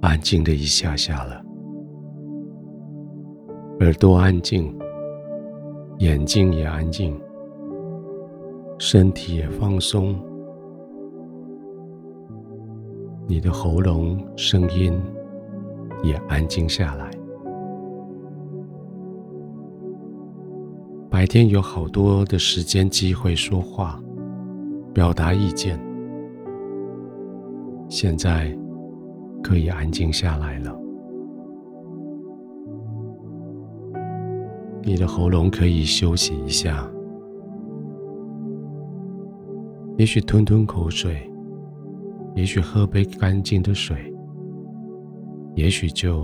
安靜的一下下了，耳朵安靜，眼睛也安靜，身體也放鬆，你的喉嚨聲音也安靜下來。白天有好多的時間機會說話，表達意見，現在。可以安靜下來了，你的喉嚨可以休息一下。也許吞吞口水，也許喝杯乾淨的水，也許就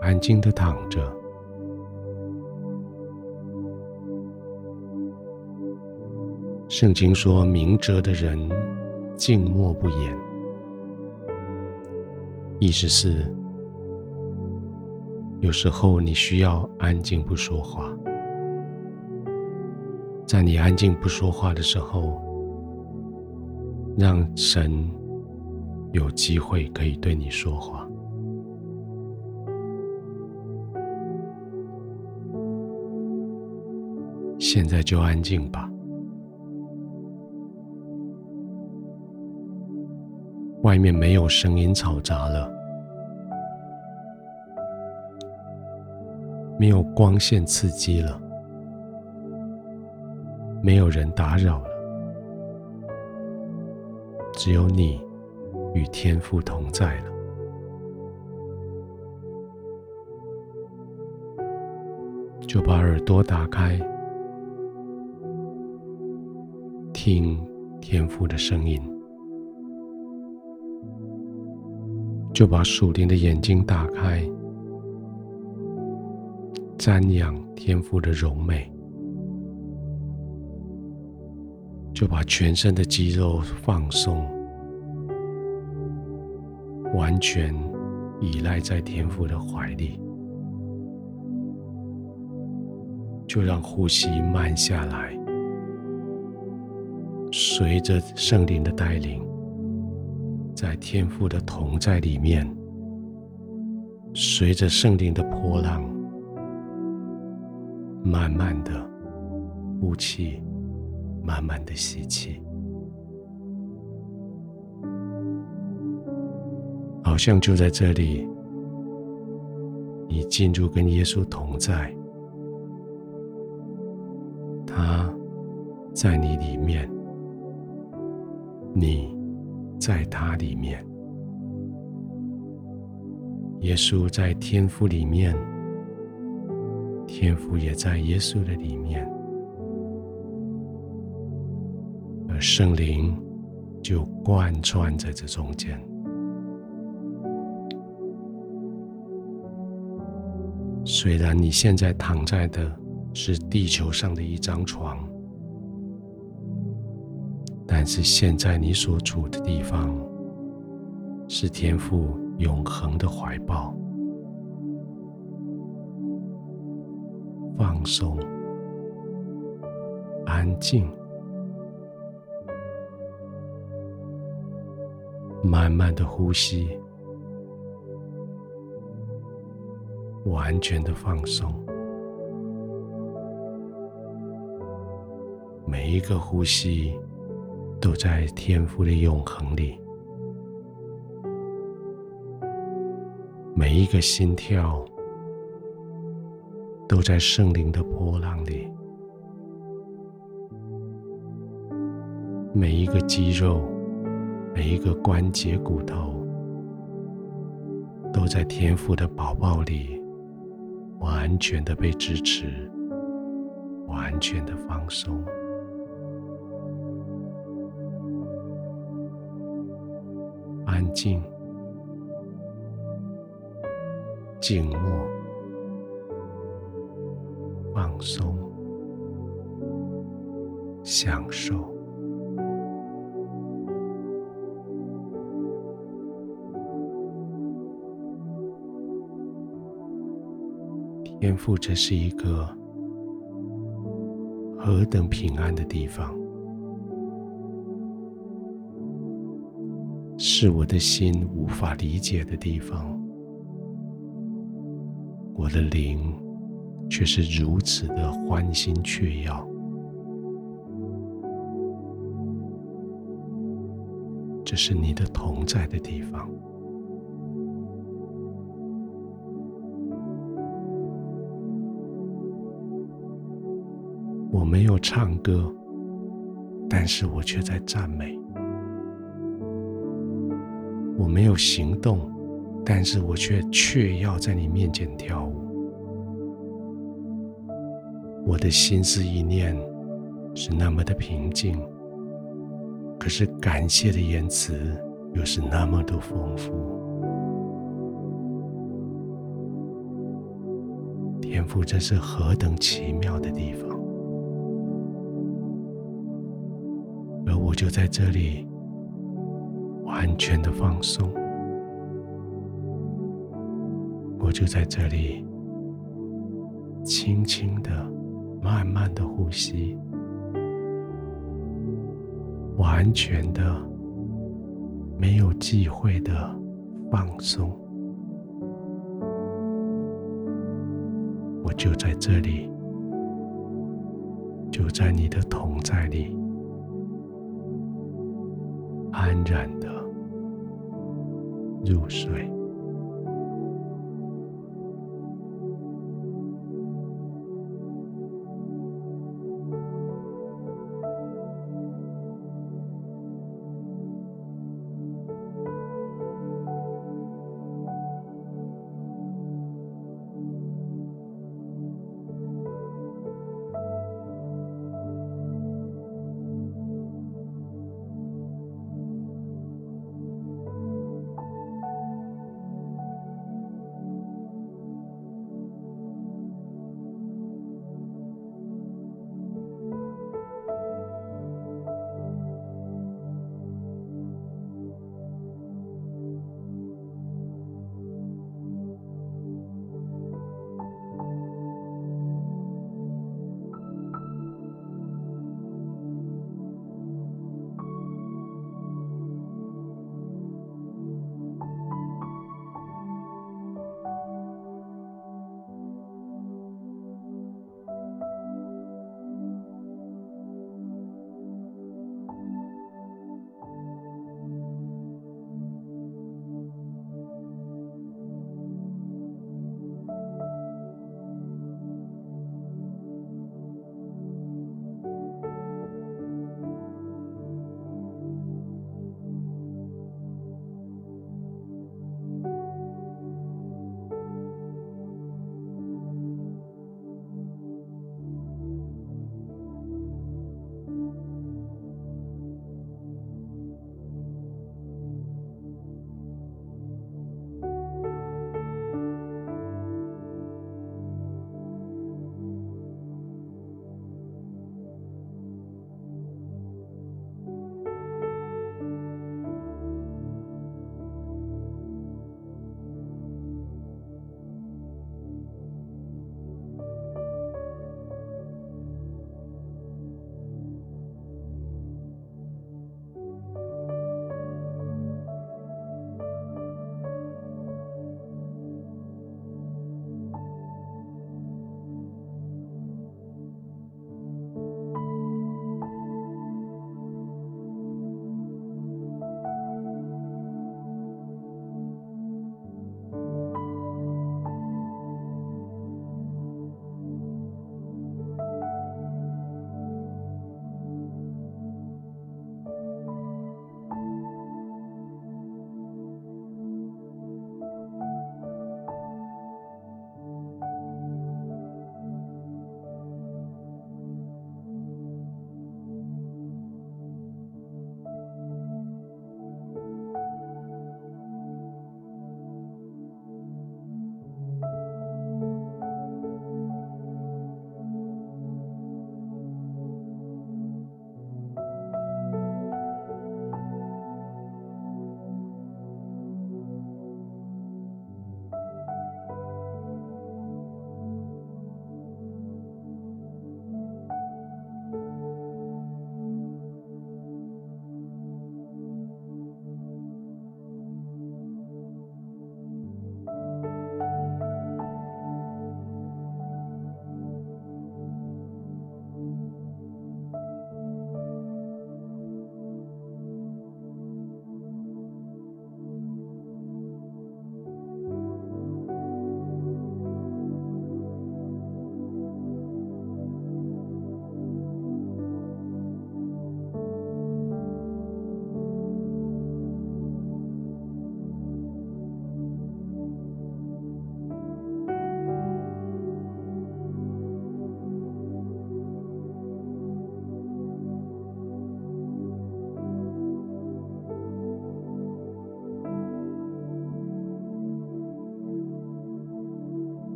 安靜的躺着。聖經說：“明哲的人靜默不言。”意思是，有時候你需要安靜不說話。在你安靜不說話的時候，讓神有機會可以對你說話。現在就安靜吧。外面沒有聲音吵雜了，沒有光線刺激了，沒有人打擾了，只有你與天父同在了，就把耳朵打開，聽天父的聲音。就把屬靈的眼睛打開，瞻仰天父的榮美；就把全身的肌肉放鬆，完全依賴在天父的懷裡；就讓呼吸慢下來，隨着聖靈的帶領。在天父的同在裡面，隨着聖靈的波浪，慢慢的呼氣，慢慢的吸氣，好像就在這裡，你進入跟耶穌同在，他在你裡面，你。在他裡面，耶穌在天父裡面，天父也在耶穌的裡面，而聖靈就貫穿在這中間。雖然你現在躺在的是地球上的一張床，但是現在你所處的地方是天父永恆的懷抱，放鬆，安靜，慢慢的呼吸，完全的放鬆，每一個呼吸。都在天父的永恆裡，每一個心跳都在聖靈的波浪裡，每一個肌肉、每一個關節、骨頭都在天父的懷抱裡，完全的被支持，完全的放鬆。安靜、靜默、放鬆、享受，天賦，這是一個何等平安的地方！是我的心無法理解的地方，我的靈卻是如此的歡欣雀躍。這是你的同在的地方。我沒有唱歌，但是我卻在讚美。我沒有行動，但是我卻卻要在你面前跳舞。我的心思一念是那麼的平靜，可是感謝的言辭又是那麼的豐富。天賦真是何等奇妙的地方，而我就在這裡。完全的放鬆，我就在這裡，輕輕的、慢慢的呼吸，完全的、沒有忌諱的放鬆。我就在這裡，就在你的同在裡，安然的入睡。